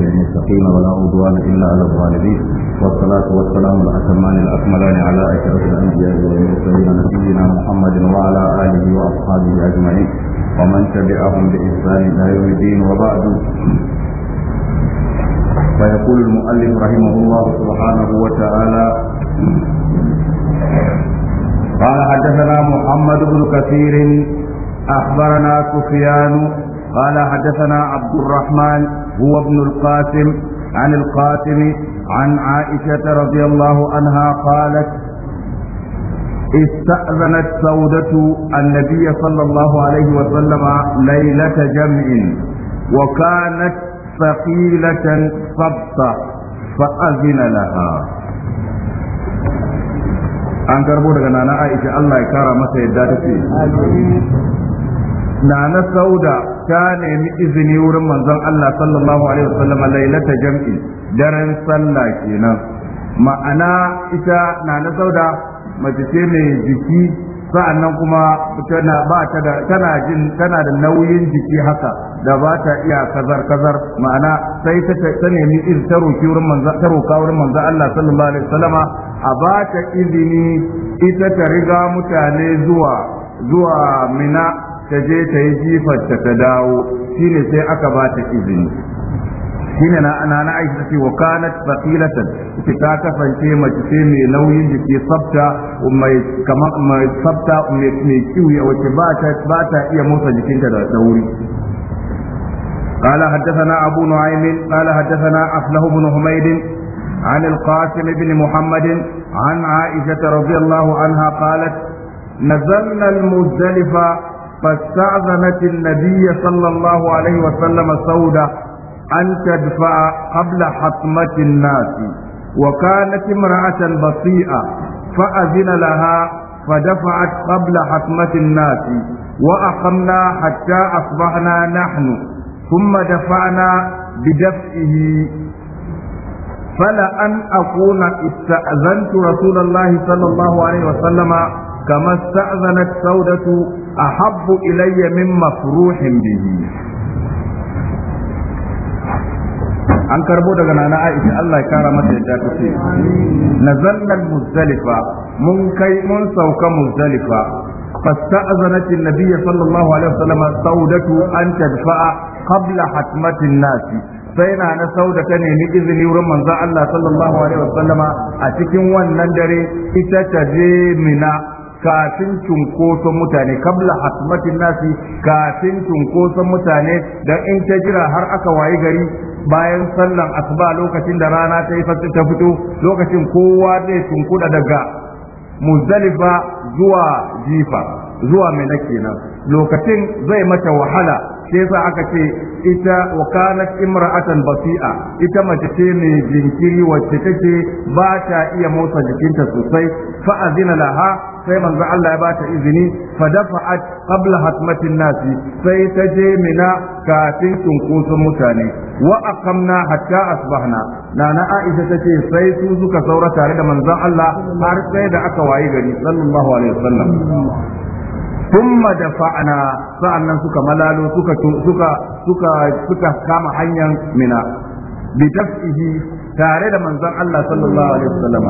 للمتقين ولا عدوان الا على الظالمين والصلاه والسلام الاتمان الاكملان على اشرف الانبياء والمرسلين نبينا محمد وعلى اله واصحابه اجمعين ومن تبعهم باحسان الى يوم الدين وبعد فيقول المؤلف رحمه الله سبحانه وتعالى قال حدثنا محمد بن كثير اخبرنا سفيان قال حدثنا عبد الرحمن هو ابن القاسم عن القاسم عن عائشة رضي الله عنها قالت استأذنت سودة النبي صلى الله عليه وسلم ليلة جمع وكانت ثقيلة صبتة فأذن لها an karbo daga nana aisha Allah ya kara masa yadda ta nana sauda ta nemi izini wurin manzon Allah sallallahu alaihi wasallam lailata jam'i daren sallah kenan ma'ana ita na na sauda mace ce mai jiki sa'annan kuma tana ba ta da tana jin tana da nauyin jiki haka da ba ta iya kazar kazar ma'ana sai ta ta nemi izini ta roki wurin manzon ta roka wurin manzon Allah sallallahu alaihi wasallam a ba ta izini ita ta riga mutane zuwa zuwa mina ta je ta yi jifarta ta dawo shine sai aka ba ta izini shine na ana na aiki ce wa kanat faqilatan ita ta kasance mace ce mai nauyin jiki sabta mai kama mai kiwi a wace ba ta ba ta iya motsa jikinta da sauri قال حدثنا أبو نعيم قال حدثنا أفله بن حميد عن القاسم بن محمد عن عائشة رضي الله عنها قالت نزلنا المزدلفة فاستأذنت النبي صلى الله عليه وسلم سودة أن تدفع قبل حطمة الناس وكانت امرأة بطيئة فأذن لها فدفعت قبل حطمة الناس وأقمنا حتى أصبحنا نحن ثم دفعنا بدفئه فلأن أكون استأذنت رسول الله صلى الله عليه وسلم كما استأذنت سودة أحب إلي min مفروح به an karbo daga nana Aisha Allah ya kara mata yadda ta ce zallar muzdalifa mun kai mun sauka muzdalifa فاستأذنت النبي sallallahu alaihi عليه وسلم an أن تدفع قبل hatimatin الناس sai na na sauda ta nemi izini wurin manzon Allah sallallahu alaihi wasallama a cikin wannan dare ita ta je mina kafin cunkoson mutane kabla hasmatin nasi kafin cunkoson mutane dan in ta jira har aka wayi gari bayan sallan asuba lokacin da rana ta yi ta fito lokacin kowa zai cunkuda daga muzdalifa zuwa jifa zuwa mai kenan lokacin zai mata wahala sai sa aka ce ita wa kanat imra'atan basi'a ita mace ce mai jinkiri wacce take ba ta iya motsa jikinta sosai fa azina laha sai manzo Allah ya bata izini fa dafa'at qabla hatmatin nasi sai ta je mina kafin cunkoson mutane wa aqamna hatta asbahna nana Aisha tace sai su suka saura tare da manzo Allah har sai da aka wayi gari sallallahu alaihi wasallam da fa'ana sa'annan suka malalo suka suka suka suka kama hanyar mina bi daf'ihi tare da manzon Allah sallallahu alaihi wasallam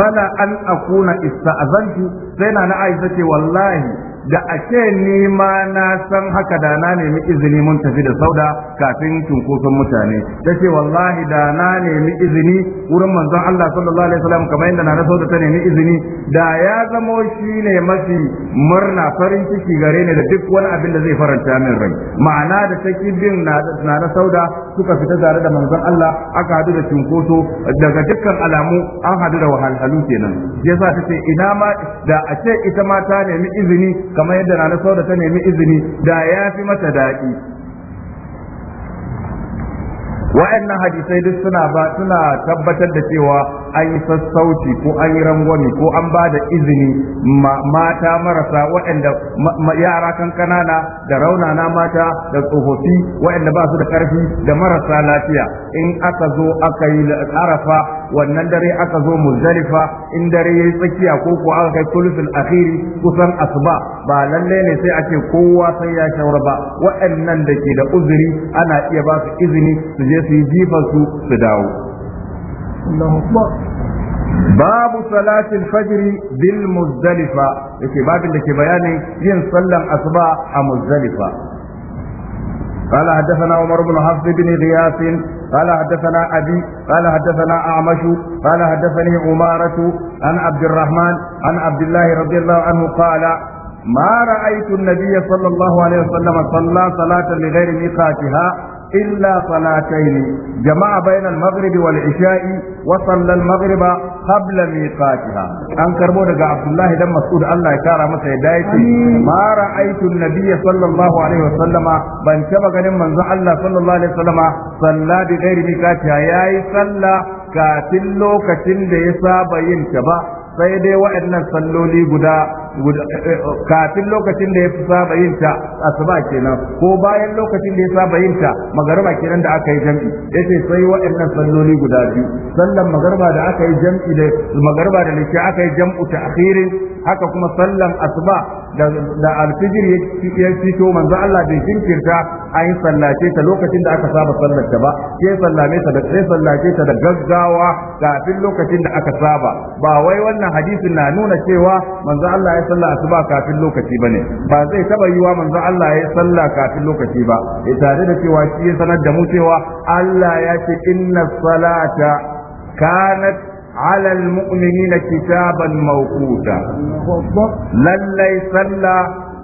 fala an akuna ista'zantu sai na na Aisha ce wallahi da ashe ni ma na san haka da na nemi izini mun tafi da sauda kafin cunkoson mutane ta ce wallahi da na nemi izini wurin manzon Allah sallallahu alaihi wasallam kamar yadda na sauda ta nemi izini da ya zamo shi ne mafi murna farin ciki gare ni da duk wani abin da zai faranta min rai ma'ana da ta bin na na sauda suka fita tare da manzon Allah aka hadu da cunkoso daga dukkan alamu an hadu da wahalhalu kenan yasa ta ce ina ma da a ita ma ta nemi izini kamar yadda na da ta nemi izini da ya fi mata daɗi wa'annan hadisai duk suna ba suna tabbatar da cewa an yi sassauci ko an yi rangwani ko an ba da izini mata marasa waɗanda yara kankanana da raunana mata da tsofaffi waɗanda ba su da ƙarfi da marasa lafiya in aka zo aka yi arafa wannan dare aka zo muzdalifa in dare ya yi tsakiya ko ko aka kai kulufin akhiri kusan asuba ba lalle ne sai a ce kowa sai ya shawara ba waɗannan da ke da uzuri ana iya ba su izini su je su yi jifar su dawo babu salatin fajiri bil muzdalifa yake babin da ke bayanin yin sallan asuba a muzdalifa قال حدثنا عمر بن حفص بن غياث قال حدثنا أبي قال حدثنا أعمش قال حدثني عمارة عن عبد الرحمن عن عبد الله رضي الله عنه قال ما رأيت النبي صلى الله عليه وسلم صلى صلاة لغير ميقاتها إلا صلاتين جمع بين المغرب والعشاء وصلى المغرب قبل ميقاتها أن كربونا عبد الله دم مسعود الله يكارى مسا ما رأيت النبي صلى الله عليه وسلم بان كما من الله صلى الله عليه وسلم صلى بغير ميقاتها يا صلى كاتل لوكتين da ya saba yin ta ba sai dai waɗannan salloli guda Eh, kafin lokacin da ya fi saba yin ta asuba kenan ko bayan lokacin da ya saba yin ta magariba kenan da aka yi jam'i yace sai waɗannan sannoni guda biyu sallan magarba da aka yi jam'i da magarba da lisha aka yi jam'u ta akhirin haka kuma sallan asuba da alfijir ya fito manzo Allah bai jinkirta an yi sallace ta lokacin da aka saba sallar ta ba sai sai sallace ta da gaggawa kafin lokacin da aka saba ba wai wannan hadisin na nuna cewa manzo Allah ya salla asuba kafin lokaci bane ba zai taba yiwa manzo Allah ya salla kafin lokaci ba ya tare da cewa shi ya sanar da mu cewa Allah ya ce inna salata kanat على المؤمنين كتابا موقوتا lallai صلى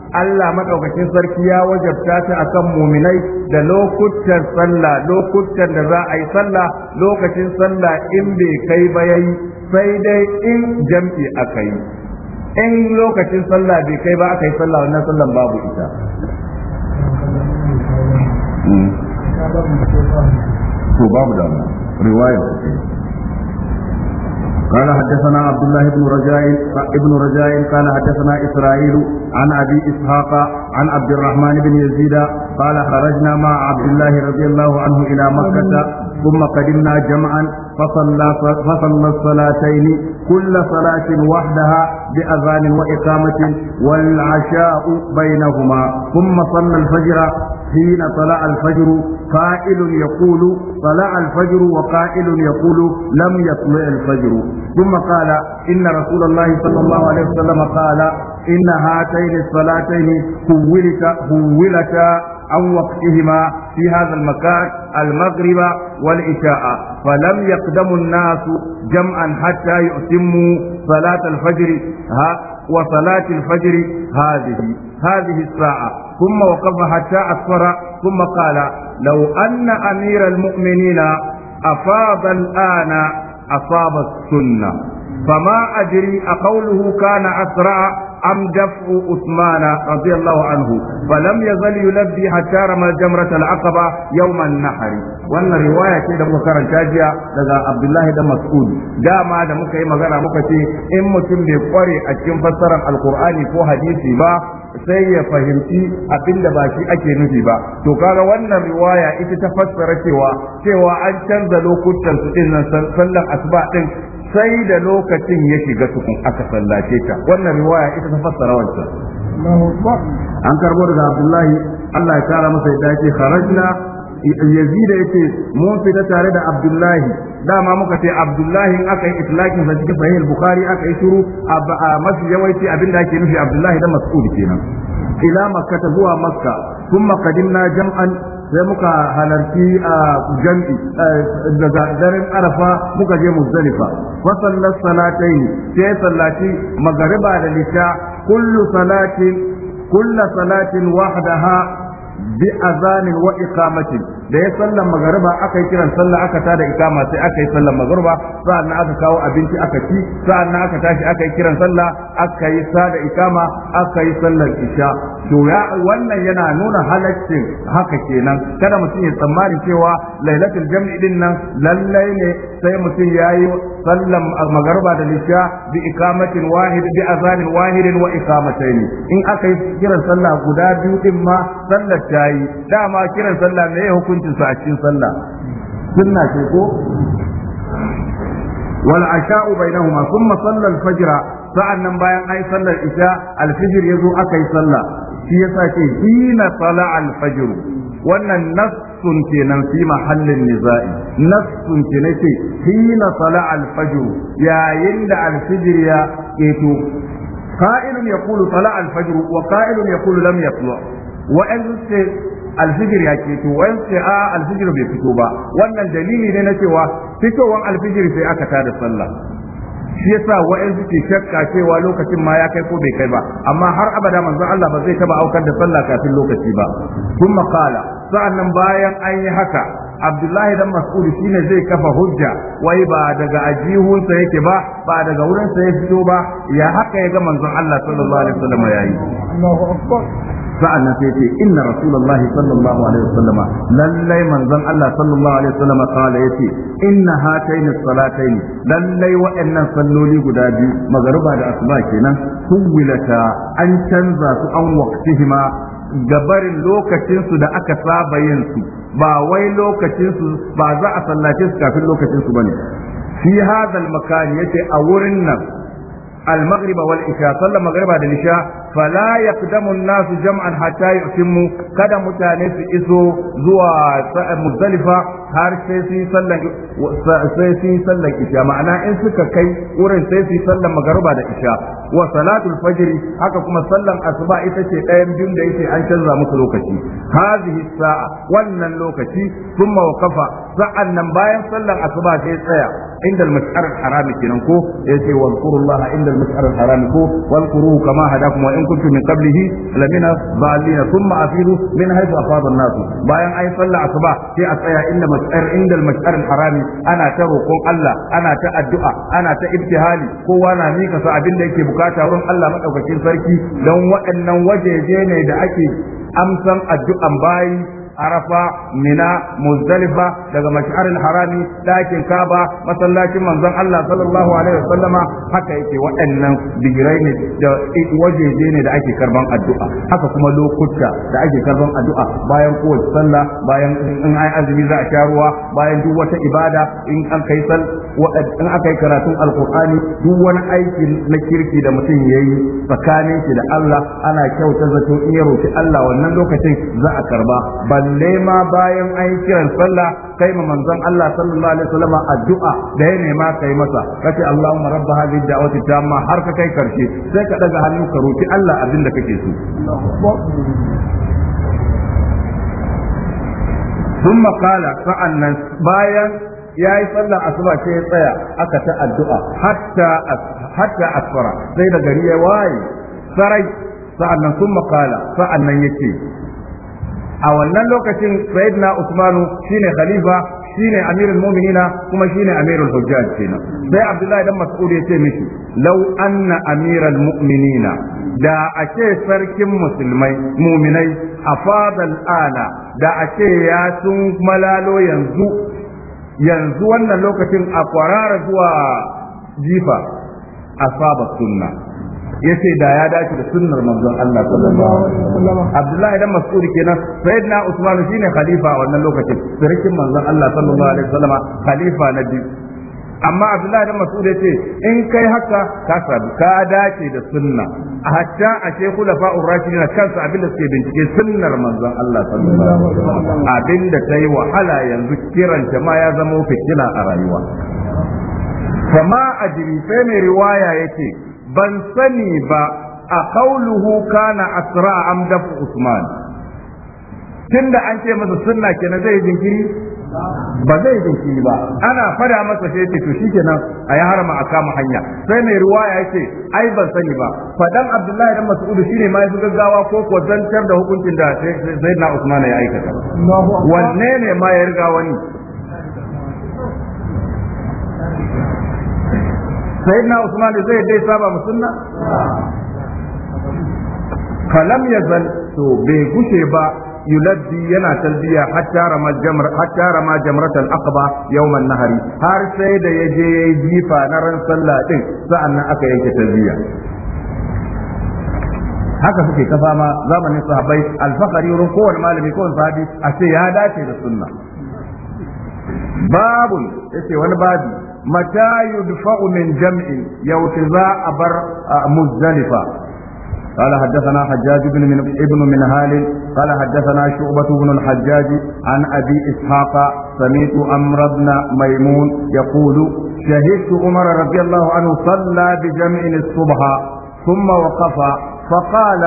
Allah madaukakin sarki ya wajabta ta kan muminai da lokutan sallah lokutan da za a yi sallah lokacin sallah in bai kai ba yayi sai dai in jam'i aka yi in lokacin sallah bai kai ba aka yi sallah wannan sallan babu ita قال حدثنا عبد الله بن رجاء ابن رجاء قال حدثنا اسرائيل عن ابي اسحاق عن عبد الرحمن بن يزيد قال خرجنا مع عبد الله رضي الله عنه الى مكه ثم قدمنا جمعا فصلى فصلى الصلاتين كل صلاة وحدها بأذان وإقامة والعشاء بينهما ثم صلى الفجر حين طلع الفجر قائل يقول طلع الفجر وقائل يقول لم يطلع الفجر ثم قال إن رسول الله صلى الله عليه وسلم قال إن هاتين الصلاتين هولتا هولتا عن وقتهما في هذا المكان المغرب والعشاء فلم يقدم الناس جمعا حتى يتموا صلاة الفجر ها وصلاة الفجر هذه هذه الساعة ثم وقف حتى أسفر ثم قال لو أن أمير المؤمنين أفاض الآن أصاب السنة فما أدري أقوله كان أسرع أم دفع عثمان رضي الله عنه فلم يزل يلبي حتى رمى جمرة العقبة يوم النحر وأن رواية كده مكرن تاجيا لذا عبد الله ده مسؤول دا ما ده مكي مغانا مكتي إن متن بقري أكين فسر القرآن فو حديثي با sai ya fahimci abin da ba shi ake nufi ba to kaga wannan riwaya ita ta fassara cewa cewa an canza lokutan su din nan sallan asuba din sai da lokacin ya shiga tukun aka sallace ta wannan riwaya ita ta fassara wancan an karbo daga abdullahi Allah ya kara masa ya dace kharajna yazida yace mun fita tare da abdullahi dama muka ce abdullahi in aka yi itlaqin sa cikin sahih bukhari aka yi shiru a mafi yawanci abinda ake nufi abdullahi dan mas'ud kenan ila makka zuwa makka thumma qadimna jam'an sai muka halarci a jam'i daga daren arafa muka je muzdalifa fa sallat salatayn sai sallati magariba da lisha kullu salatin kullu salatin wahdaha bi azanin wa iqamatin da ya sallan magariba aka yi kiran sallah aka tada ikama sai aka yi sallan magariba sa'annan aka kawo abinci aka ci sa'annan aka tashi aka yi kiran sallah aka yi sada ikama aka yi sallar isha to ya wannan yana nuna halaccin haka kenan kada mutum ya tsammani cewa lailatul jam'i din nan lallai ne sai mutum ya yi sallan magariba da isha bi ikamatin wahid bi azanin wahidin wa iqamatayn in aka yi kiran sallah guda biyu din ma sallar ta yi dama kiran sallah me ya hukuncin sa a cikin sallah sunna ce ko wal asha'u bainahuma thumma salla al fajra sa'annan bayan ai sallar isha al fajr yazo akai sallah shi yasa ce hina sala al fajr wannan nassun kenan fi mahallin nizai nassun ke nake hina sala al fajr yayin da al fajr ya keto قائل يقول طلع الفجر وقائل يقول لم يطلع wa'ansu ce alfijir ya keto wa'ansu ce a alfijir bai fito ba wannan dalili ne na cewa fitowan alfijir sai aka da sallah shi yasa wayansu ke shakka cewa lokacin ma ya kai ko bai kai ba amma har abada manzon Allah ba zai taba aukar da sallah kafin lokaci ba kuma kala sa'annan bayan an yi haka abdullahi dan mas'ud shine zai kafa hujja wai ba daga ajihunsa yake ba ba daga wurinsa ya fito ba ya haka ya ga manzon Allah sallallahu alaihi wasallam yayi Allahu akbar sa'an nan sai ce inna rasulullahi sallallahu alaihi wasallama lallai manzon Allah sallallahu alaihi wasallama kala yace inna hataini salataini lallai wa'annan salloli guda biyu magariba da asuba kenan kuwilata an canza su an waqtihima gabarin lokacin su da aka saba yin su ba wai lokacin ba za a sallace su kafin lokacin su bane fi hadha al-makan a wurin nan المغرب والعشاء صلى المغرب بعد العشاء فلا يقدم الناس جمعا حتى يتموا kada mutane su iso zuwa muzdalifa har sai su sallan sai isha ma'ana in suka kai wurin sai su sallan magruba da isha wa salatul fajr haka kuma sallan asuba ita ce ɗayan biyun da yake an canza musu lokaci hazihi sa'a wannan lokaci thumma waqafa sa'an nan bayan sallan asuba sai tsaya inda al-mas'ar al-haram kenan ko yace wa zkurullaha inda al-mas'ar al ko wadhkuruhu kama hadakum wa in kuntum min qablihi lamina dhalina thumma afidu min haythu afada an-nas bayan ay Sallar asuba sai a tsaya inda mas'ar inda al-mas'ar al ana ta roƙon Allah ana ta addu'a ana ta ibtihali kowa na mika sa abin da yake bukata wurin Allah madaukakin sarki don waɗannan wajeje ne da ake amsan addu'an bayi arafa mina muzdalifa daga mash'aril harami Ɗakin kaba masallacin manzon Allah sallallahu alaihi wasallama haka yake waɗannan bigirai ne da wajeje ne da ake karban addu'a haka kuma lokuta da ake karban addu'a bayan kowace sallah bayan in azumi za a sha ruwa bayan duk wata ibada in an kai sal in aka yi karatun alkur'ani duk wani aiki na kirki da mutum ya yi tsakanin shi da Allah ana kyauta zato in ya roki Allah wannan lokacin za a karba balle ma bayan an kiran sallah kai ma manzon Allah sallallahu alaihi wasallam addu'a da ya nema kai masa kace Allahumma rabb hadhihi da'wati tamma har ka kai karshe sai ka daga hannun ka roki Allah abin da kake so ثم قال فأنا بايا yayi sallar asuba sai ya tsaya aka ta addu'a hatta hatta asfara sai da gari ya waye sarai sa'annan sun makala sa'annan yace a wannan lokacin sayyidina usmanu shine khalifa shine amirul mu'minina kuma shine amirul hujjaj kenan sai abdullahi dan mas'ud yace mishi law anna amiral mu'minina da ake sarkin musulmai mu'minai afadal ana da ake ya sun malalo yanzu yanzu wannan lokacin a kwarara zuwa jifa saba sunna Ya ce da ya dace da sunnar manzon Allah Abdullahi dan Mas'ud kenan sayyidina Usman shine khalifa wannan lokacin sarkin manzon Allah sallallahu alaihi khalifa na biyu amma abdullahi da mas'ud ya ce in kai haka ka sabu ka dace da sunna a hatta a ce rashi na kansu abin da suke bincike sunnar manzon Allah sallallahu alaihi wasallam abin da tayi wahala yanzu kiranta ma ya zama fitila a rayuwa kama a jirife mai riwaya yace ban sani ba a kauluhu kana asra am dafu usman tunda an ce masa sunna kenan zai jinkiri ba zai shi ba ana fada masa sai ce to shikenan a ya harama a kama hanya sai mai ruwaya yace ai ban sani ba fadan abdullahi dan mas'ud shine ma yafi gaggawa ko ko zantar da hukuncin da sai na usman ya aikata wanne ne ma ya riga wani na usman zai dai saba musunna Kalam yazal to bai gushe ba Yuladdi yana talbiya hatta rama jamr hatta jamratal aqba yawman nahari har sai da yaje yayi jifa na ran sallah din sa'annan aka yanke talbiya haka suke ta fama zamanin sahabbai alfakari wurin kowane malami kowane sahabi a ce ya dace da sunna babun yace wani babi mata yudfa'u min jam'in yaushe za a bar muzdalifa قال حدثنا حجاج بن من ابن هال قال حدثنا شعبة بن الحجاج عن أبي إسحاق سمعت أمر بن ميمون يقول شهدت عمر رضي الله عنه صلى بجمع الصبح ثم وقف فقال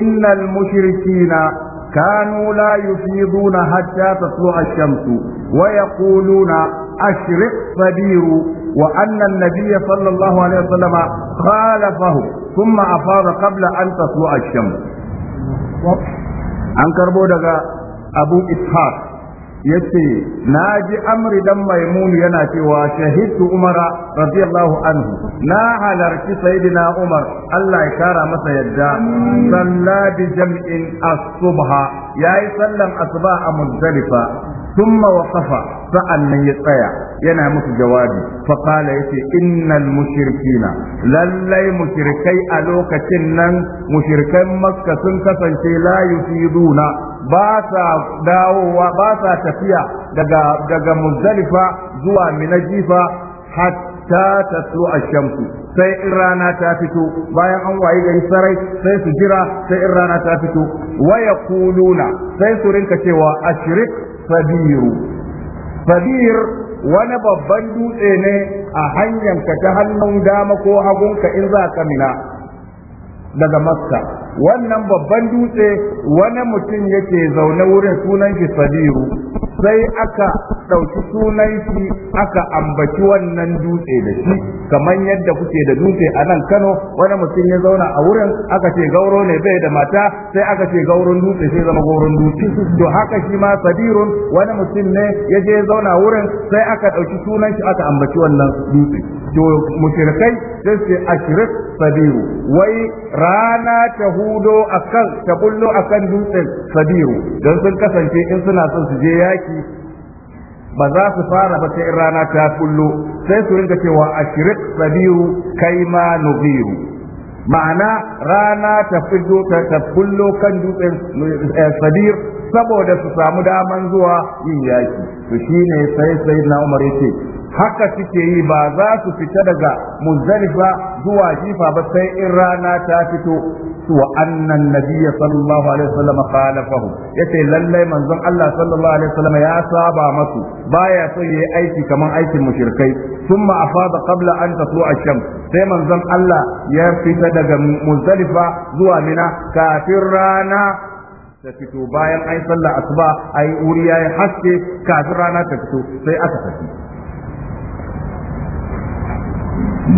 إن المشركين كانوا لا يفيضون حتى تطلع الشمس ويقولون أشرق فديروا وأن النبي صلى الله عليه وسلم خالفه ثم أفاض قبل أن تطلع الشمس an karbo daga abu ishaq ya ce na ji amri dan mai maimunu yana cewa shahiddu Umar, radiyallahu anhu na halarci sayyidina umar Allah ya kara masa yadda salla bi jam'in as-subha yayi sallan asuba a muzdalifa ثم وقف فأن يطيع ينا في جوابي فقال يتي إن المشركين للي مشركي ألوك سنن مشركي مكة سنكة لا يفيدون باسا داو وباسا تفيا دقا, دقا مزدلفة زوا من الجيفة حتى تطلع الشمس sai in rana ta fito bayan an wayi gari sarai sai su jira sai in rana ta fito waya kuluna sai su rinka cewa ashrik sabiru sabir wani babban dutse ne a hanyanka ta hannun dama ko hagunka in za ka mina daga makka wannan babban dutse wani mutum yake zaune wurin sunan shi sabiru sai aka ɗauki sunan shi aka ambaci wannan dutse da shi kamar yadda kuke da dutse a nan Kano wani mutum ya zauna a wurin aka ce gauro ne bai da mata sai aka ce gauron dutse sai zama gauron dutse to haka shi ma sadirun wani mutum ne ya je zauna wurin sai aka ɗauki sunan shi aka ambaci wannan dutse to mushrikai sai su ashrik sabiru wai rana ta hudo akan ta bullo akan dutsen sabiru don sun kasance in suna son su je yaki ba za su fara ba sai rana ta kullo sai su rinka cewa ashrik sabiru kai ma nubiru ma'ana rana ta fito ta kullo kan dutsen eh, sabir saboda su samu daman zuwa yin yaki to shine sai sai na umar yake. haka suke yi ba za su fita daga muzdalifa zuwa jifa ba sai in rana ta fito to annan nabiyya sallallahu alaihi wasallam khalafahu yace lallai manzon Allah sallallahu alaihi wasallam ya saba masu baya so yayi aiki kaman aikin mushrikai thumma afada qabla an tatlu ash-shams sai manzon Allah ya fita daga muzdalifa zuwa mina kafin rana ta fito bayan ai sallah asuba ai wuri yayi haske kafin rana ta fito sai aka fita.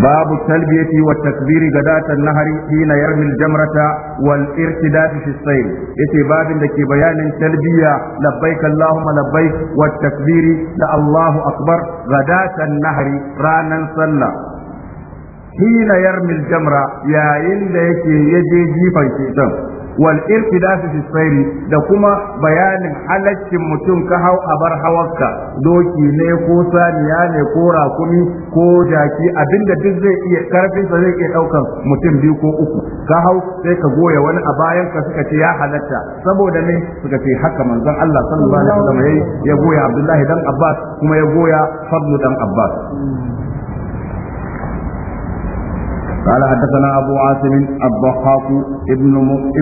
باب التلبية والتكبير غداة النهر حين يرمي الجمرة والارتداد في الصيف يتي باب لك بيان تلبية لبيك اللهم لبيك والتكبير لا الله أكبر غداة النهر رانا صلى حين يرمي الجمرة يا إن يجي جيفا شيطان wal irtidafi fi sayri da kuma bayanin halaccin mutum ka hau a bar hawarka doki ne ko saniya ne ko rakumi ko jaki abinda duk zai iya karfin sa zai iya daukan mutum biyu ko uku ka hau sai ka goya wani a bayan ka suka ce ya halatta saboda ne suka ce haka manzon Allah sallallahu alaihi wasallam ya goya Abdullahi dan Abbas kuma ya goya Sablu dan Abbas قال حدثنا أبو عاصم الضحاك ابن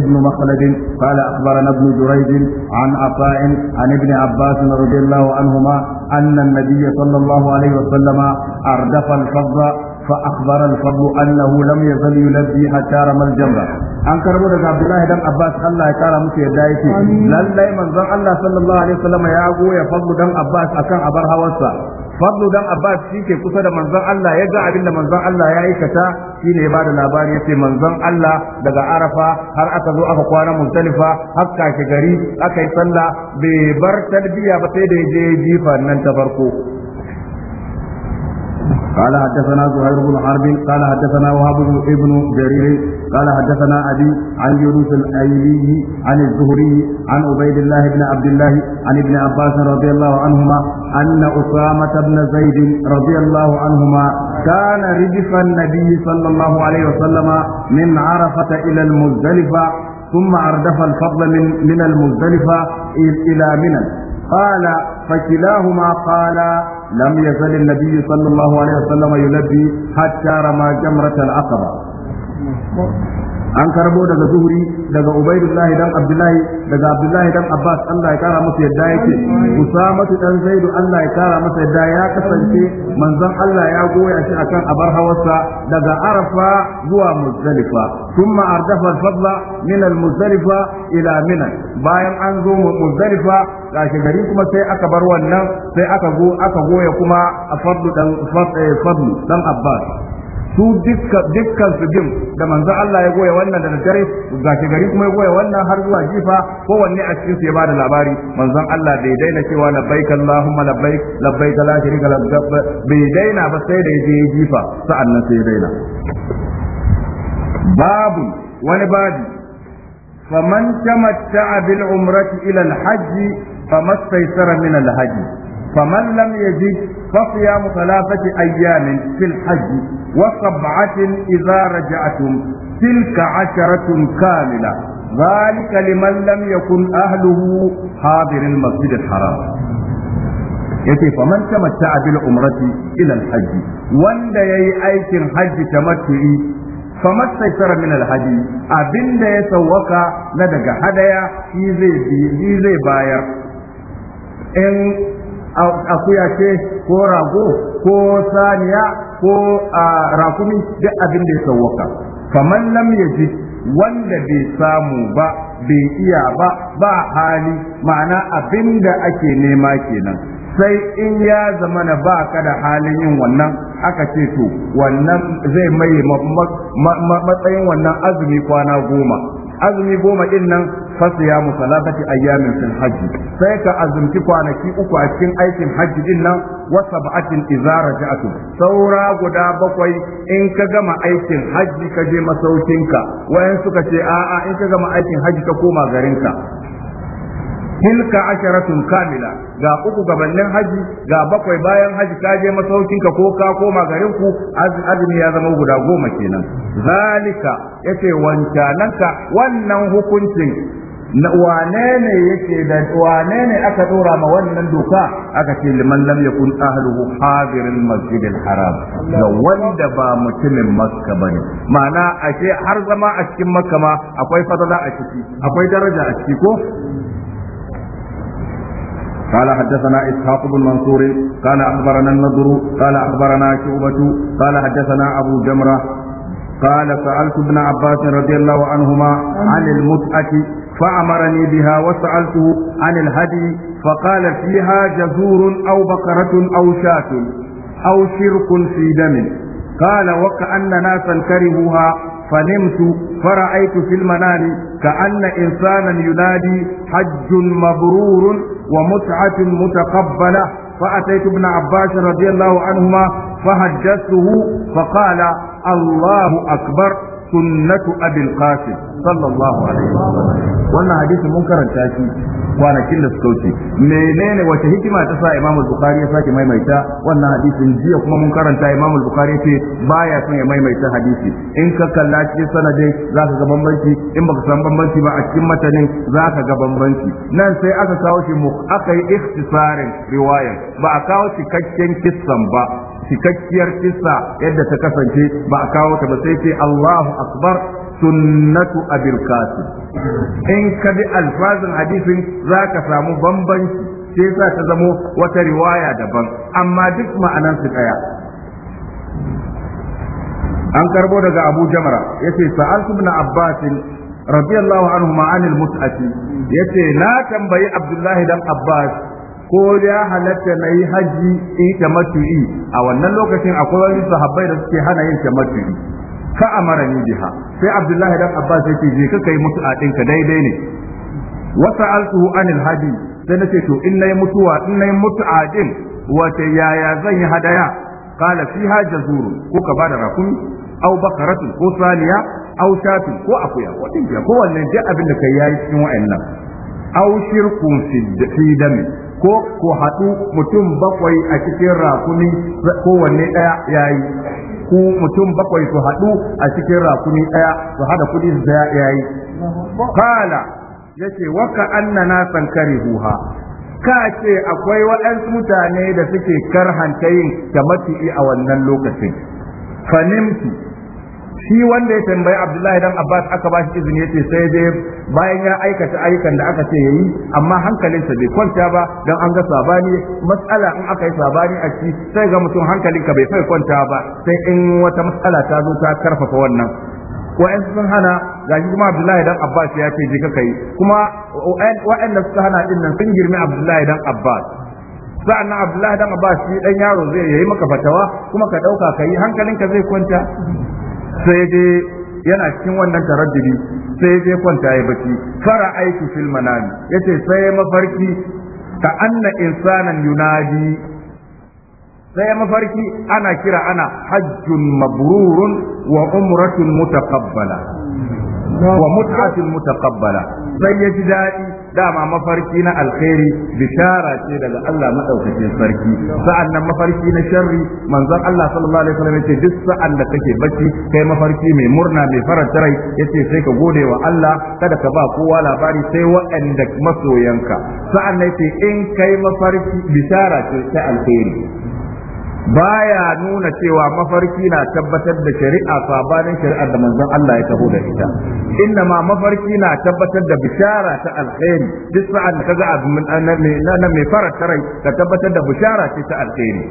ابن مخلد قال أخبرنا ابن جريج عن عطاء عن ابن عباس رضي الله عنهما أن النبي صلى الله عليه وسلم أردف الفضل فأخبر الفضل أنه لم يزل يلبي حتى رمى الجمرة an karbo daga Abdullahi dan Abbas Allah ya kara musu yadda yake lallai manzon Allah sallallahu alaihi wasallam ya goya fadlu dan Abbas akan abar hawarsa fadlu dan abbas shi ke kusa da manzon Allah ya ga abin da manzon Allah ya aikata shine ya bada labari yace manzon Allah daga arafa har aka zo aka kwana muzdalifa har kake gari aka yi sallah bai bar talbiya ba sai da ya je jifa nan ta farko قال حدثنا زهير بن حرب قال حدثنا وهب بن جرير قال حدثنا ابي عن يونس الايلي عن الزهري عن عبيد الله بن عبد الله عن ابن عباس رضي الله عنهما ان اسامه بن زيد رضي الله عنهما كان رجف النبي صلى الله عليه وسلم من عرفه الى المزدلفه ثم اردف الفضل من من المزدلفه الى منى قال فكلاهما قال لم يزل النبي صلى الله عليه وسلم يلبي حتى رمى جمرة العقبة an karbo daga zuhuri daga ubaidullahi dan abdullahi daga abdullahi dan abbas Allah ya kara masa yadda yake usama dan zaidu Allah ya kara masa yadda ya kasance manzon Allah ya goya shi akan abar hawarsa daga arafa zuwa muzdalifa thumma ardafa al-fadla min al-muzdalifa ila mina bayan an zo muzdalifa gashi gari kuma sai aka bar wannan sai aka go aka goya kuma a fadlu dan eh, fadlu dan abbas su dukkan su din da manzon Allah ya goya wannan da dare gashi gari kuma ya goya wannan har zuwa jifa ko wanne a cikin su ya bada labari manzon Allah bai daina cewa labbaik Allahumma labbaik labbaik la sharika lak bai daina ba sai da je jifa sa'annan sai daina babu wani babi faman tamatta bil umrati ila al hajj famastaysara min al hajj faman lam yajid فصيام ثلاثة أيام في الحج وسبعة إذا رجعتم تلك عشرة كاملة ذلك لمن لم يكن أهله حاضر المسجد الحرام yace faman tamatta bil umrati ila al-hajj wanda yayi aikin hajji tamattu'i famastaisara min alhaji abinda ya sauwaka na daga hadaya shi zai shi zai bayar in akuya ce ko rago ko saniya ko rakumi duk abin da ya sawwaka kamar lam yaji wanda bai samu ba bai iya ba ba hali ma'ana abin da ake nema kenan sai in ya zama na ba ka da halin yin wannan aka ce to wannan zai mai matsayin wannan azumi kwana goma azumi goma din nan ya mu salatati ayyamin fil hajji sai ka azumci kwanaki uku a cikin aikin hajji din nan wa sab'atin idza raja'tu saura guda bakwai in ka gama aikin hajji ka je masaukinka wayan suka ce a'a in ka gama aikin hajji ka koma garinka tilka asharatun kamila ga uku gabanin haji ga bakwai bayan haji ka je masaukinka ko ka koma garin ku azumi ya zama guda goma kenan zalika yace wancananka wannan hukuncin wane ne yake da wane ne aka dora ma wannan doka aka ce liman lam yakun ahluhu hadiril masjidil haram ga wanda ba mutumin makka bane ma'ana ashe har zama a cikin makka ma akwai fadala a ciki akwai daraja a ciki ko قال حدثنا إسحاق بن منصور قال أخبرنا النضر قال أخبرنا شعبة قال حدثنا أبو جمرة قال سألت ابن عباس رضي الله عنهما عن المتعة فأمرني بها وسألته عن الهدي فقال فيها جزور أو بقرة أو شاة أو شرك في دم قال وكأن ناسا كرهوها فنمت فرأيت في المنام كأن إنسانا ينادي حج مبرور ومتعة متقبلة فأتيت ابن عباس رضي الله عنهما فهجسته فقال الله أكبر sunnatu abil qasim sallallahu alaihi wannan hadisi mun karanta shi kwanakin da suka wuce menene wace hikima ta sa Imam Bukhari ya sake maimaita wannan hadisin jiya kuma mun karanta Imam Bukhari ce baya son ya maimaita hadisi in ka kalla cikin sanadai ka ga bambanci in baka san bambanci ba a cikin matanin zaka ga bambanci nan sai aka kawo shi mu aka yi ikhtisarin riwayan ba a kawo cikakken kissan ba cikakkiyar kissa yadda ta kasance ba a kawo ta ba sai ce Allahu akbar sunnatu abil qasim in ka bi alfazin hadisin zaka samu bambanci sai sa ta zamo wata riwaya daban amma duk ma'anan su daya an karbo daga Abu Jamra yace sa'altu ibn Abbas radiyallahu anhu ma'anil mut'ati yace na tambayi Abdullahi dan Abbas ko ya halatta na yi haji in tamattu'i a wannan lokacin akwai wani sahabbai da suke hana yin tamattu'i ka amara ni biha sai abdullahi dan abbas yake je ka kai mutu a ɗinka daidai ne wa sa'altu anil haji sai nace to in nayi mutuwa in nayi mutu a ɗin wata yaya zan yi hadaya qala fiha jazurun ko ka bada rakumi aw bakaratu ko saniya aw shatu ko akuya ko tinkiya ko wannan duk abin da kai yayi cikin wa'annan aw shirkun fi dami ko ku haɗu mutum bakwai a cikin rakumi kowanne ɗaya yayi ku mutum bakwai su haɗu a cikin rakumi ɗaya su haɗa kuɗi ya yayi kala yace waka annana sankarihuha ka ce akwai waɗansu mutane da suke karhanta yin tamati a wannan lokacin fanimtu shi wanda ya tambayi Abdullahi dan Abbas aka ba shi izini yace sai dai bayan ya aikata ayyukan da aka ce yayi amma hankalinsa bai kwanta ba dan an ga sabani matsala in aka yi sabani a ci sai ga mutum hankalinka bai fai kwanta ba sai in wata matsala ta zo ta karfafa wannan wa'an sun hana shi kuma Abdullahi dan Abbas ya ce je ka kai kuma da suka hana din nan sun girmi Abdullahi dan Abbas sa'annan Abdullahi dan Abbas shi dan yaro zai yayi maka fatawa kuma ka dauka kai hankalinka zai kwanta sai dai yana cikin wannan taraddudi sai dai kwanta ya baci fara aiki fil manami yace sai mafarki ka anna insanan yunadi sai mafarki ana kira ana hajjun mabrurun wa umratun mutaqabbala wa mut'atun mutaqabbala sai ya ji daɗi dama mafarki na alkhairi bishara ce daga Allah madaukake sarki nan mafarki na sharri manzon Allah sallallahu alaihi wasallam yace duk sa'an da kake bacci kai mafarki mai murna mai faranta rai yace sai ka gode wa Allah kada ka ba kowa labari sai waɗanda masoyanka Sa'an nan yace in kai mafarki bishara ce ta alkhairi baya nuna cewa mafarki na tabbatar da shari'a sabanin shari'ar da manzon Allah ya taho da ita inna ma mafarki na tabbatar da bishara ta alkhairi duk sa'an da kaga abu na mai fara rai ka tabbatar da bishara ce ta alkhairi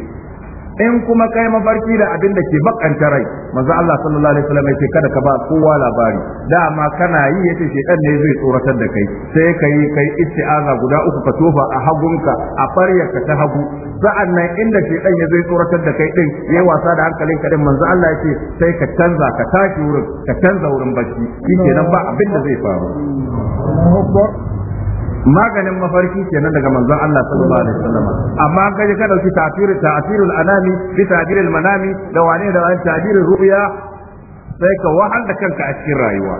in kuma kai mafarki da abin da ke bakanta rai manzo Allah sallallahu alaihi wasallam yace kada ka ba kowa labari dama kana yi yace shedan ne zai tsoratar da kai sai kai kai isti'aza guda uku ka tofa a hagunka a faryarka ta hagu sa'annan inda shedan ya zai tsoratar da kai din yayi wasa da hankalin ka din manzo Allah yace sai ka canza ka tashi wurin ka canza wurin bacci shikenan ba abin da zai faru maganin mafarki kenan daga manzon Allah sallallahu alaihi wasallam amma an kaje ka dauki tafsir ta'sirul anami bi ta'biril manami da wane da wane ta'birul ru'ya sai ka wahal da kanka a cikin rayuwa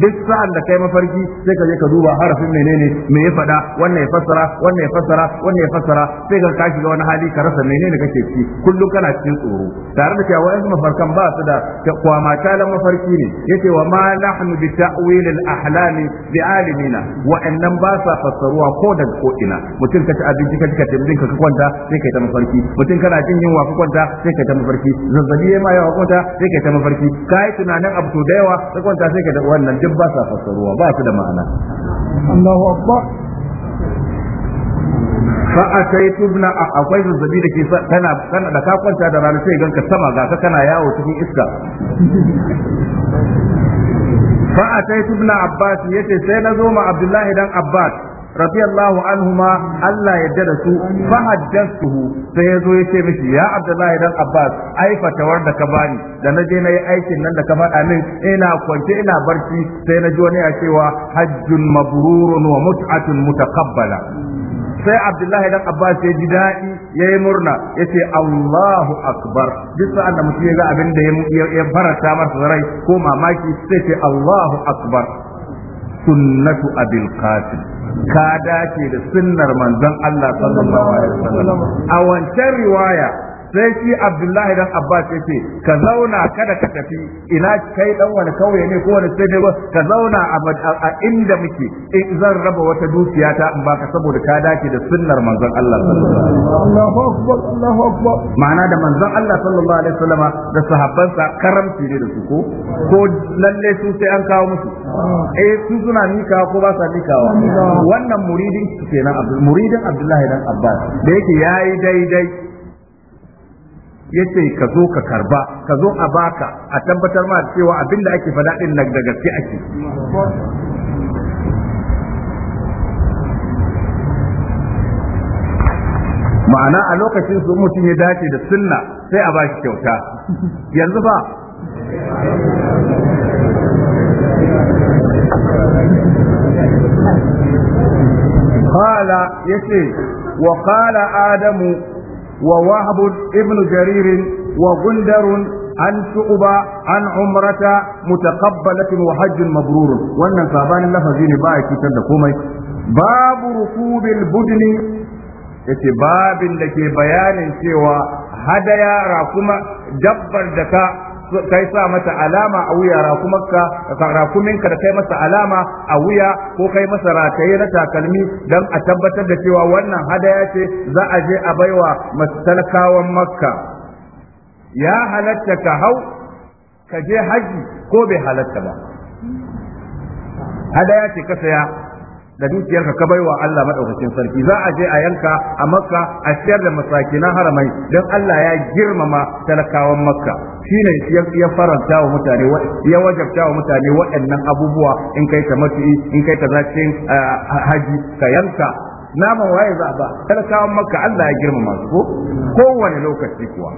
duk sa'an da kai mafarki sai ka je ka duba harafin menene me ya faɗa wannan ya fassara wannan ya fassara wannan ya fassara sai ka kashi ga wani hali ka rasa menene kake ciki kullum kana cikin tsoro tare da cewa wa'ansu mafarkan ba su da kwama talan mafarki ne yace wa ma nahnu bi ta'wil al ahlam bi alimina wa'annan ba sa fassaruwa ko da ko ina mutum ka ci abinci ka ka tabbin ka kwanta sai kai ta mafarki mutum kana jin yunwa ka kwanta sai kai ta mafarki zazzabi ma yawa kwanta sai kai ta mafarki kai tunanin abu da yawa ka kwanta sai kai ta wannan duk ba sa fassaruwa ba su da ma'ana Allahu akbar fa ataitu ibn akwai zazzabi da ke tana tana da ka kwanta da rana sai ganka sama ga ka kana yawo cikin iska fa ataitu Abba abbas yace sai na zo ma abdullahi dan abbas radiyallahu anhuma Allah ya da su fa haddathu sai yazo ya ce mishi ya Abdullahi dan Abbas Aifatawar da ka bani da na je nayi aikin nan da ka faɗa min ina kwance ina barci sai na ji wani ya cewa hajjun mabrurun wa mut'atun mutaqabbala sai abdullahi dan abbas ya ji daɗi ya yi murna ya ce allahu akbar duk sa'an da mutum ya ga abin da ya farata masa rai ko mamaki sai ce allahu akbar sunnatu abil qasim ka dace da sunnar manzon Allah sallallahu alaihi wasallam a wancan riwaya sai shi abdullahi dan abbas ya ce ka zauna kada ka tafi ina kai dan wani kauye ne ko wani sai ne ka zauna a inda muke in zan raba wata dukiya ta in baka saboda ka dace da sunnar manzon Allah Allahu akbar Allahu akbar ma'ana da manzon Allah sallallahu alaihi wasallam da sahabbansa karamci ne da su ko ko lalle su sai an kawo musu ah. eh su suna mika ko ba sa mikawa wannan muridin kenan muridin Abdullahi dan Abbas da yake yayi daidai yace ka zo ka karba ka zo a baka a tabbatar ma cewa abin da ake faɗa din nan da gaske ake ma'ana a lokacin su mutum ya dace da sunna sai a bashi kyauta yanzu ba قال يسي وقال آدم ووهب ابن جرير وغندر عن شعبة عن عمرة متقبلة وحج مبرور وأن صابان اللفظين بايك تدقومي باب ركوب البدن yace babin da ke bayanin cewa hadaya rakuma dabbar da ka kai sa mata alama a wuya rakumarka rakuminka da kai masa alama a wuya ko kai masa rataye na takalmi dan a tabbatar da cewa wannan hadaya ce za a je a baiwa talakawan makka ya halatta ka hau ka je haji ko bai halatta ba hadaya ce ka saya da dukiyarka ka baiwa Allah madaukakin sarki za a je a yanka a makka a siyar da masakinan haramai don Allah ya girmama talakawan makka shine ya faranta wa mutane ya wajabta wa mutane waɗannan abubuwa in kai ta mafi in kai ta zacin haji ka yanka naman waye za ba talakawan makka Allah ya girmama su ko kowane lokaci kuwa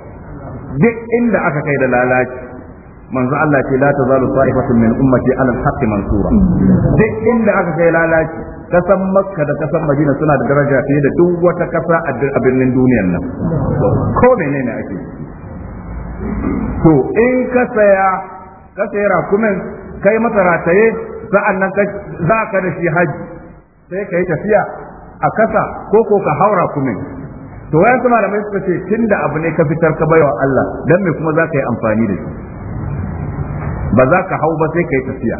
duk inda aka kai da lalaci manzo Allah ce la tazalu ta'ifatun min ummati ala al-haqq mansura duk inda aka kai lalaci kasan makka da kasan madina suna da daraja fiye da duk wata kasa a birnin duniyar nan ko ne ake to in ka saya ka saya rakumin kai masa rataye sa'an nan za ka da shi haji sai ka yi tafiya a kasa ko ko ka haura kumin to wayan kuma da suka ce tunda abu ne ka fitar ka baiwa Allah dan me kuma za ka yi amfani da shi ba za ka hau ba sai ka yi tafiya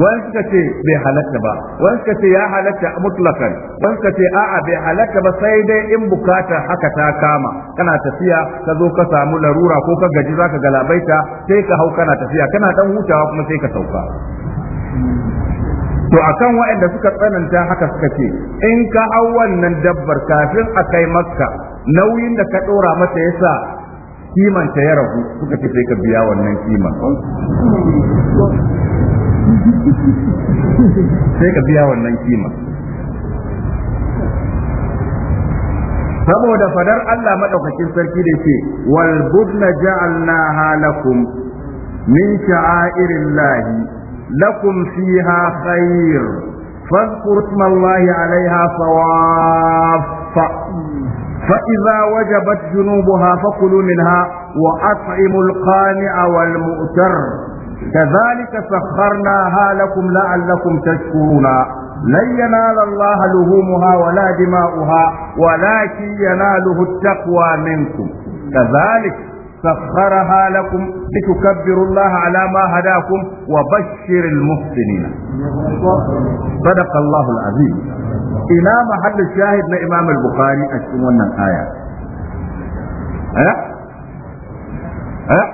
wani suka ce bai halatta ba wani suka ce ya halatta mutlakan wani suka ce a'a bai halatta ba sai dai in bukatar haka ta kama kana tafiya ka zo ka samu larura ko ka gaji za zaka galabaita sai ka hau kana tafiya kana dan hutawa kuma sai ka sauka to akan waɗanda suka tsananta haka suka ce in ka hau wannan dabbar kafin a kai makka nauyin da ka ɗora mata yasa Kiman ta ya ragu suka ce sai ka biya wannan kima sai ka biya wannan kima saboda fadar Allah madaukakin sarki da ce wal budna ja'alna halakum min sha'airillahi lakum fiha khair fadhkuru isma Allah 'alayha sawaffa فإذا وجبت جنوبها فكلوا منها وأطعموا القانع والمؤتر كذلك سخرناها لكم لعلكم تشكرون لن ينال الله لهومها ولا دماؤها ولكن يناله التقوى منكم كذلك سخرها لكم لتكبروا الله على ما هداكم وبشر المحسنين صدق الله العظيم ina mahallin shahid na imam al-bukhari a cikin wannan aya eh eh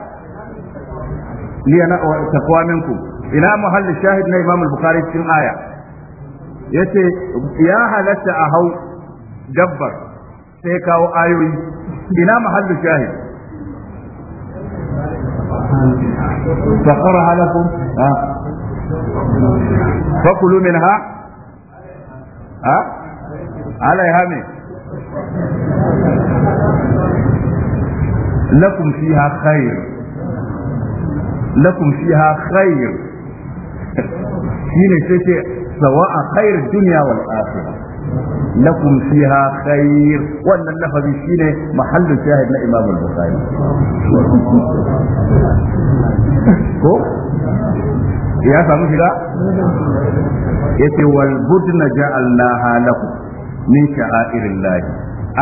wa taqwa minkum ina mahallin shahid na imam al-bukhari cikin aya yace ya halatta a hau dabbar sai kawo ayoyi ina mahallin shahid سخرها لكم فكلوا منها ha ya ne lakum fiha khair lakum fiha khair shine sai ce sawa'a khair duniya wal akhirah lakum fiha khair wannan lafazi shine mahallu shahid na imam al-bukhari ko ya samu shiga yace wal budna ja'alnaha lakum min lahi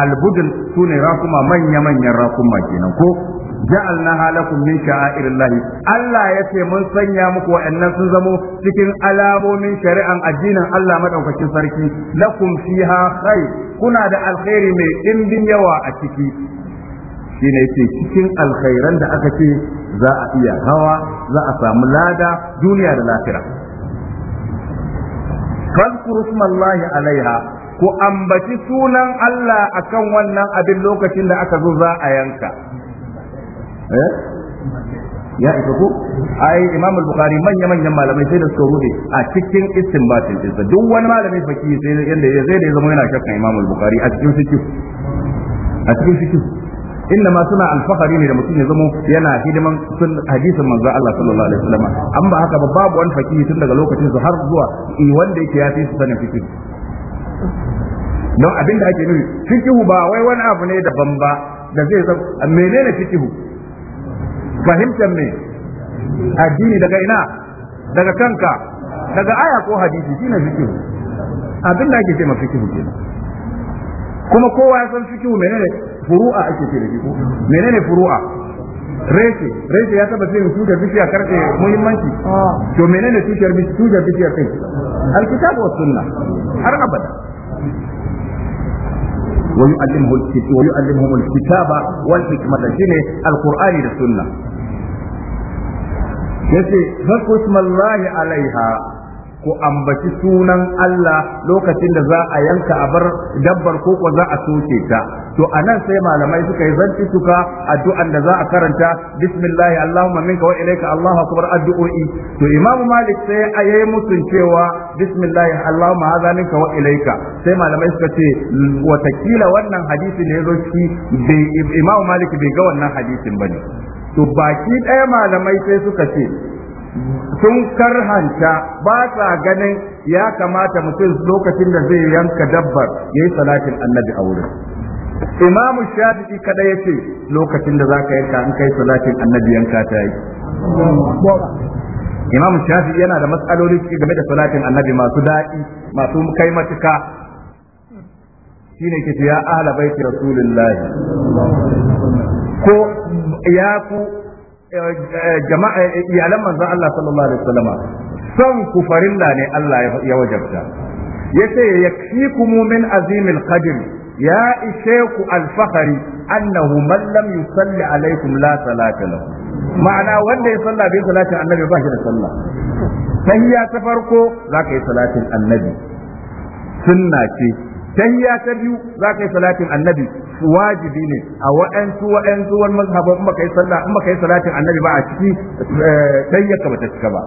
al budn sune rakuma manya manyan rakuma kenan ko ja'alna halakum min lahi. Allah yace mun sanya muku wa'annan sun zamo cikin alamomin shari'an addinin Allah maɗaukacin sarki lakum fiha khair kuna da alkhairi mai dimbin yawa a ciki shine yace cikin alkhairan da aka ce za a iya hawa za a samu lada duniya da lafira fadkuru smallahi alaiha ku ambaci sunan Allah akan wannan abin lokacin da aka zo za a yanka eh? ya isa ko ai imam al-bukhari manya manyan malamai sai da suka rude a cikin istinbatin din duk wani malami faki sai yanda ya zai da ya zama yana shakkan imam al-bukhari a cikin fikih a cikin fikih inna ma suna alfahari ne da mutum ya zamo yana hidiman sun hadisin manzo Allah sallallahu alaihi wasallam an ba haka babu wani fakihi tun daga lokacin su har zuwa wanda yake ya fi su sanin fikihi don abin da ake nufi fikihu ba wai wani abu ne daban ba da zai san menene fikihu fahimtar me addini daga ina daga kanka daga aya ko hadisi shine fikihu abin da ake ce ma fikihu kenan kuma kowa ya san fikihu menene furu'a ake ce da shi ko menene furu'a reshe reshe ya taba sai tujar bishiya karfe muhimmanci to menene tujar tujar bishiyar kai alkitabu was sunna har abada ويعلمه الكتاب ويعلمهم الكتاب والحكمة شنو القرآن والسنة yace zakku ismallahi alaiha ku ambaci sunan Allah lokacin da za a yanka a bar dabbar ko ko za a soke ta to anan sai malamai suka yi zanci suka addu'an da za a karanta bismillahi allahumma minka wa ilayka allahu akbar addu'o'i to imamu malik sai ayi mutun cewa bismillahi allahumma hadha minka wa ilayka sai malamai suka ce watakila wannan hadisi ne zo shi imamu malik bai ga wannan hadisin bane to baki ɗaya malamai sai suka ce sun karhanta ba sa ganin ya kamata mutum lokacin da zai yanka dabbar ya salatin annabi a wurin imamu shafi'i kada ce lokacin da zaka yanka an kai salatin annabi yanka ta yi imamu shafi'i yana da matsaloli game da salatin annabi masu daɗi masu kai matuka shine ke ya ahla baiti rasulullahi ko ya ku eh, eh, jama'a eh, iyalan manzon Allah sallallahu alaihi wasallama son ku farilla ne Allah ya wajabta yace yakfikum min azimil qadr ya ishe ku alfahari annahu man lam yusalli la salata lahu ma'ana wanda ya salla bai salatin annabi ba shi da sallah tahiyya ta farko zaka yi salatin annabi sunna ce tahiyya ta biyu zaka yi salatin annabi wajibi ne a wa'ansu wa'ansu wani mazhaba in baka yi yi salatin annabi ba a ciki tahiyyarka bata cika ba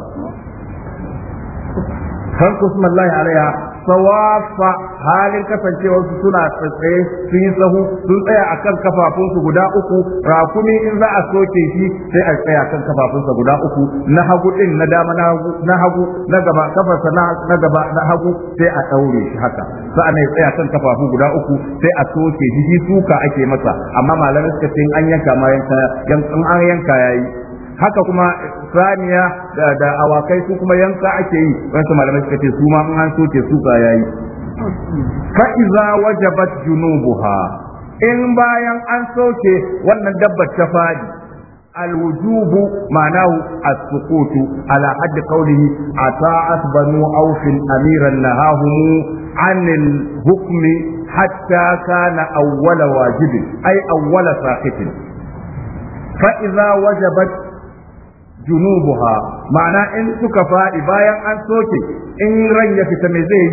kan kusmallahi alaiha sawafa halin kasancewar su suna tsaye sun yi sahu sun tsaya akan kafafunsu guda uku rakumi in za a soke shi sai a tsaya akan kafafunsa guda uku na hagu din na dama na hagu na hagu na gaba kafarsa na gaba na hagu sai a daure shi haka sa'an ya tsaya akan kafafu guda uku sai a soke shi shi suka ake masa amma malamai suka ce an yanka ma yanka an yanka yayi haka kuma saniya da awakai su kuma yanka ake yi su malamai suka ce su ma an soke su ka yayi fa iza wajabat junubuha in bayan an soke wannan dabbar ta fadi الوجوب معناه السقوط على حد قوله أطاعت بنو أوف أميرا نهاهم عن الحكم حتى كان أول واجب أي أول ساقط فإذا وجبت junubuha ma'ana in suka faɗi bayan an soke in ran ya fita me zai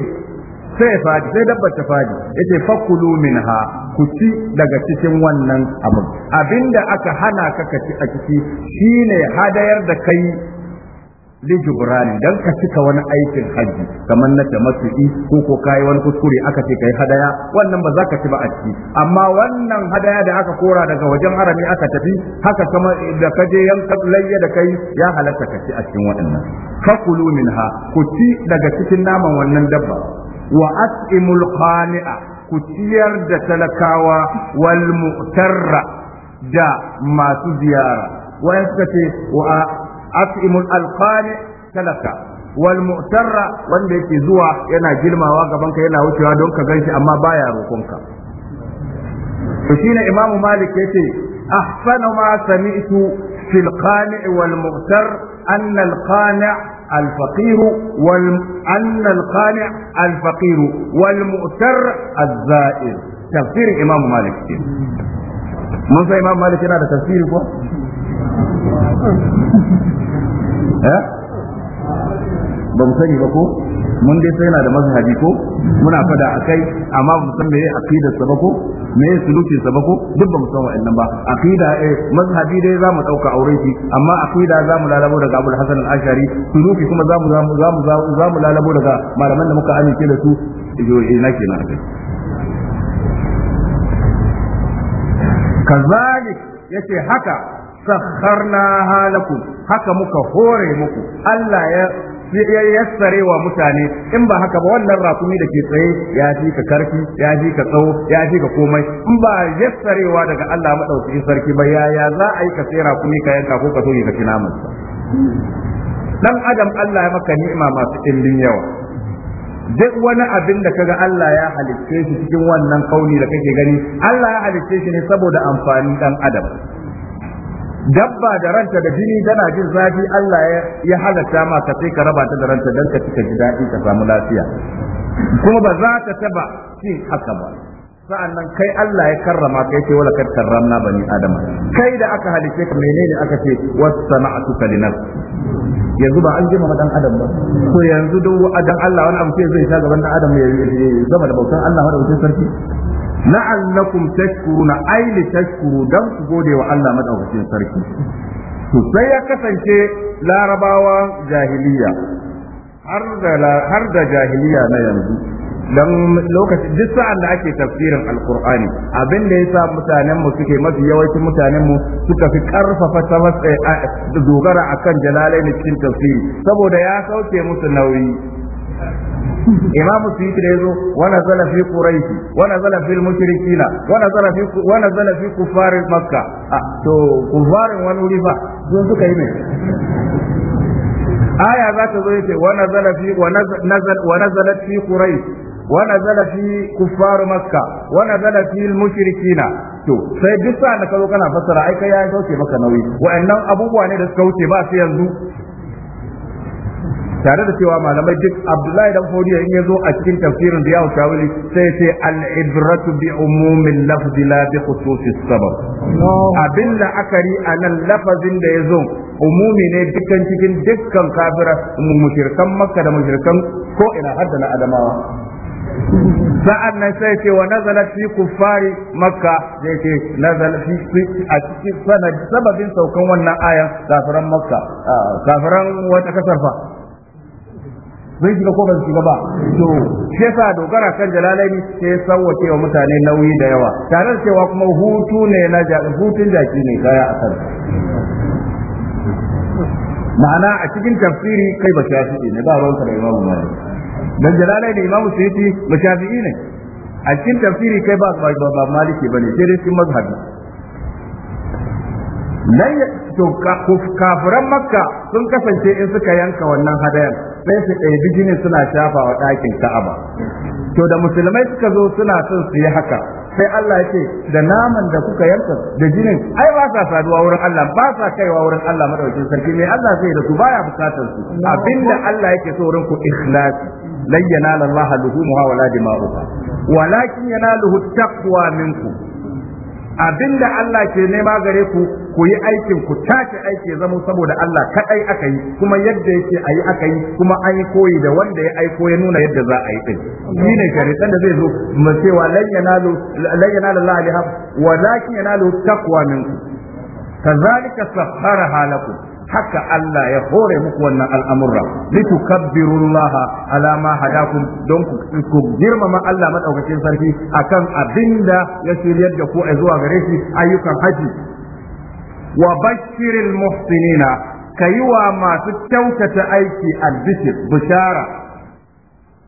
sai ya faɗi sai dabbar ta fadi yace fakulu minha ku ci daga cikin wannan abin abinda aka hana ka ka ci a ciki shine hadayar da kai li jubrani dan ka cika wani aikin haji kamar na tamattu'i ko ko kai wani kuskure aka ce kai hadaya wannan ba za ka ci ba a ciki amma wannan hadaya da aka kora daga wajen arami aka tafi haka kama da ka je yanka layya da kai ya halarta ka ci a cikin waɗannan fakulu minha ku ci daga cikin naman wannan dabba wa at'imul qani'a ku ciyar da talakawa wal mu'tarra da masu ziyara wayan suka ce wa at'imul alqani talaka wal mu'tarra wanda yake zuwa yana girmawa gaban ka yana wucewa don ka ganshi amma baya roƙonka to shine imam malik yace ahsanu ma sami'tu fil qani' wal mu'tar anna al qani' الفقير وأن القانع الفقير والمؤتر الزائر تفسير الإمام مالك من إمام مالك هذا تفسير Eh? ba mu sani ba ko mun dai sai yana da mazhabi ko muna fada akai amma ba mu san meye aqida sa ba ko me sulukin sa ba ko duk ba mu san wa'annan ba aqida eh mazhabi dai zamu dauka aure shi amma aqida zamu lalabo daga Abu Hasan al-Ashari suluki kuma zamu zamu zamu zamu lalabo daga malaman da muka amince da su ina eh, kenan kai kazalik yace haka na halaku haka muka hore muku Allah ya yassare wa mutane in ba haka ba wannan rakumi da ke tsaye ya ji ka karfi ya ji ka tsawo ya ji ka komai in ba yassarewa daga Allah madaukakin sarki ba yaya za a yi ka tsira rakumi ka yanka ko ka so ka kina naman dan adam Allah ya maka ni'ima masu ɗimbin yawa duk wani abin da kaga Allah ya halicce shi cikin wannan kauni da kake gani Allah ya halicce shi ne saboda amfanin dan adam dabba da ranta da jini tana jin zafi Allah ya halatta ma ka sai ka raba ta da ranta dan ka cika ji daɗi ka samu lafiya kuma ba za ta taba cin haka ba sa'annan kai Allah ya karrama kai ce wala kad karramna bani adama kai da aka halice ka menene aka ce wasana'tuka li nafsi yanzu ba an jima dan adam ba to yanzu duk adam Allah wani abu sai zai sha gaban dan adam ya zama da bautan Allah wanda wuce sarki la'allakum tashkuruna ay li tashkuru dan ku gode wa Allah madaukakin sarki to sai ya kasance larabawa jahiliya har da har da jahiliya na yanzu dan lokacin duk sa'an da ake tafsirin alqur'ani abin da yasa mutanen mu suke mafi yawancin mutanen mu suka fi karfafa dogara akan jalalaini cikin tafsiri saboda ya sauke musu nauyi imam suyuti da yazo wa nazala fi quraish wa nazala fil mushrikin ah, wa nazala fi wa nazala fi kufar makka to kufarin wani wuri fa sun suka yi mai aya za ta zo yace wa nazala fi wa nazala wa nazalat fi quraish wa nazala fi sai duk sa da kazo kana fassara ai ka ya dauke maka nauyi wa'annan abubuwa ne da suka wuce ba su yanzu tare da cewa malamai duk Abdullahi dan Fodiyo in yazo a cikin tafsirin Ziyaul Tawili sai sai al-ibratu bi umumin lafzi la bi khususis sabab abin da akari nan lafazin da yazo umumi ne dukkan cikin dukkan kafira mushrikan Makka da mushrikan ko ina da na Adamawa sa'an nan sai ce wa nazala fi kuffari makka zai ce nazala fi a cikin sanad sababin saukan wannan aya kafiran makka kafiran wata kasar fa zai shiga ko ba shiga ba to shi yasa dogara kan jalalaini sai sauke wa mutane nauyi da yawa tare da cewa kuma hutu ne na hutun jaki ne kaya a kan ma'ana a cikin tafsiri kai ba shafi'i ne ba ruwanka da imamu malik dan jalalaini imamu suyuti ba shafi'i ne a cikin tafsiri kai ba ba maliki bane sai dai cikin mazhabi nan to kafiran makka sun kasance in suka yanka wannan hadayar sai su ɗaibi jini suna shafa wa ɗakin ta'aba. to da musulmai suka zo suna son su yi haka sai Allah ya ce da naman da kuka yanka da jinin ai ba sa saduwa wurin Allah ba sa kaiwa wurin Allah madaukin sarki mai Allah zai da su baya bukatar su abinda Allah yake so wurin ku ikhlasi lan yanala Allah luhumuha wala dima'uha walakin yanaluhu taqwa minkum abinda Allah ke nema gare ku ku yi aikin ku tace aiki ya zama saboda Allah kadai aka yi kuma yadda yake ayi aka yi kuma an koyi da wanda ya aiko ya nuna yadda za a yi din shi ne sharitan da zai zo mu cewa lan yanalu lan yanalu Allah alihab wa lakin yanalu taqwa kazalika haka Allah ya hore muku wannan al'amurra litukabbirullaha ala alama hadakum don ku girmama Allah madaukakin sarki akan abinda ya shiryar da ku a zuwa gare shi ayyukan haji wa bashirin muhsinina yi wa masu kyautata aiki albishir bishara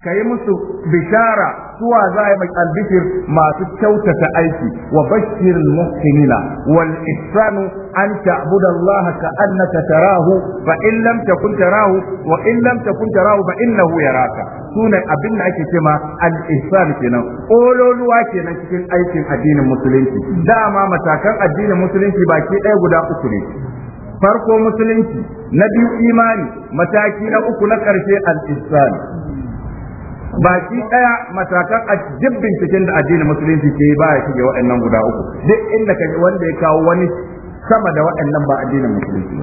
ka yi musu bishara suwa za a yi mai masu kyautata aiki wa bashir muhsinina wal ihsanu an ta'budu Allah ka annaka tarahu fa in lam takun tarahu wa in lam takun tarahu fa innahu yaraka sunan abin da ake cewa al ihsan kenan ololuwa kenan cikin aikin addinin musulunci dama matakan addinin musulunci baki ɗaya guda uku ne farko musulunci na biyu imani mataki na uku na ƙarshe al ihsan baki daya matakan a duk cikin da addinin musulunci ke ba ya shige waɗannan guda uku duk inda ka wanda ya kawo wani sama da waɗannan ba addinin musulunci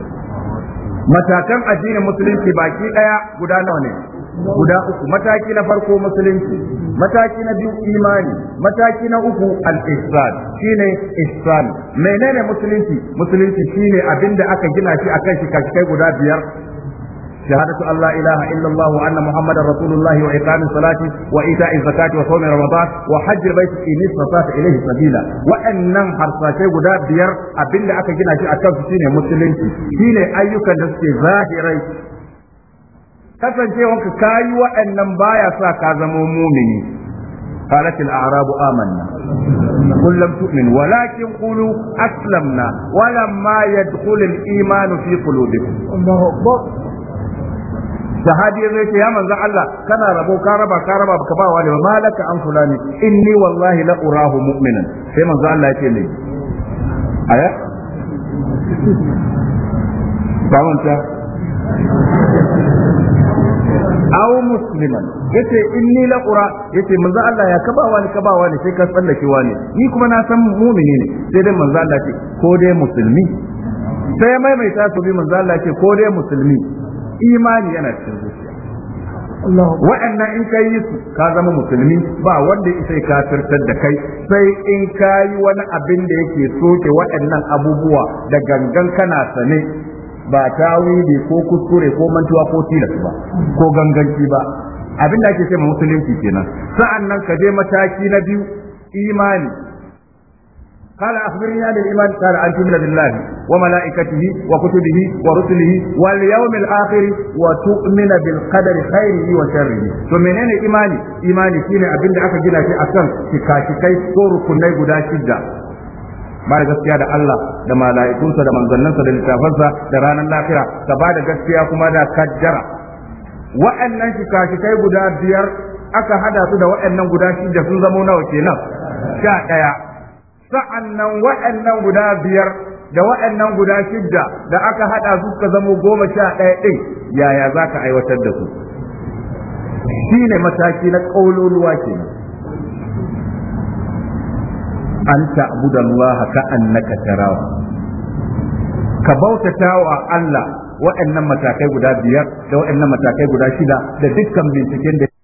matakan addinin musulunci baki daya guda nawa ne guda uku mataki na farko musulunci mataki na biyu imani mataki na uku al-ihsan shine ihsan menene musulunci musulunci shine abinda aka gina shi akan shi kai guda biyar شهادة أن لا إله إلا الله وأن محمدا رسول الله وإقام الصلاة وإيتاء الزكاة وصوم رمضان وحج البيت إن استطعت إليه سبيلا وأن حرصاتي غدا بير أبن أكا جنا شيء أكاف سيني مسلم سيني أيك نسكي ظاهري kasancewanka kayi wa'annan baya sa ka zama mumini قالت الأعراب آمنا قل لم تؤمن ولكن قولوا أسلمنا ولما يدخل الإيمان في قلوبكم الله أكبر sahabi ya zai ce ya manzon Allah kana rabo ka raba ka raba ka ba wani malaka an fulani inni wallahi la urahu mu'minan sai manzon Allah ya ce ne aya ba wanta aw musliman yace inni la qura yace manzo Allah ya kaba wani kaba wani sai ka tsallake wani ni kuma na san mumini ne sai dai manzo Allah ce ko dai musulmi sai ya maimaita su bi manzo Allah ce ko dai musulmi imani yana cikin zuciya wa'annan in ka yi su ka zama musulmi ba wanda ya sai kafirtar da kai sai in ka yi wani abin da yake soke wa'annan abubuwa da gangan kana sane ba tawili ko kuskure ko mantuwa ko tilas ba ko ganganci ba abin da ake ce musulunci kenan sa'annan ka je mataki na biyu imani قال أخبرني عن الإيمان قال أن تؤمن بالله وملائكته وكتبه ورسله واليوم الآخر وتؤمن بالقدر خيره وشره فمن أين إيماني إيماني كينا أبن دعك جنا في أسان شكاشكي سور كني قدا شدة ba da gaskiya da Allah da mala'ikunsa da manzannansa da littafansa da ranar lafiya, ka ba da gaskiya kuma da kaddara wa'annan shikashikai guda biyar aka hada su da wa'annan guda shida sun zamo nawa kenan sha ɗaya sa'annan wa'annan guda biyar da wa'annan guda shidda da aka hada su ka zamo goma sha ɗaya ɗin yaya za ka aiwatar da su ne mataki na ƙauloluwa kenan an ta'budu Allah ka annaka tarawa ka bautata wa Allah wa'annan matakai guda biyar da wa'annan matakai guda shida da dukkan binciken da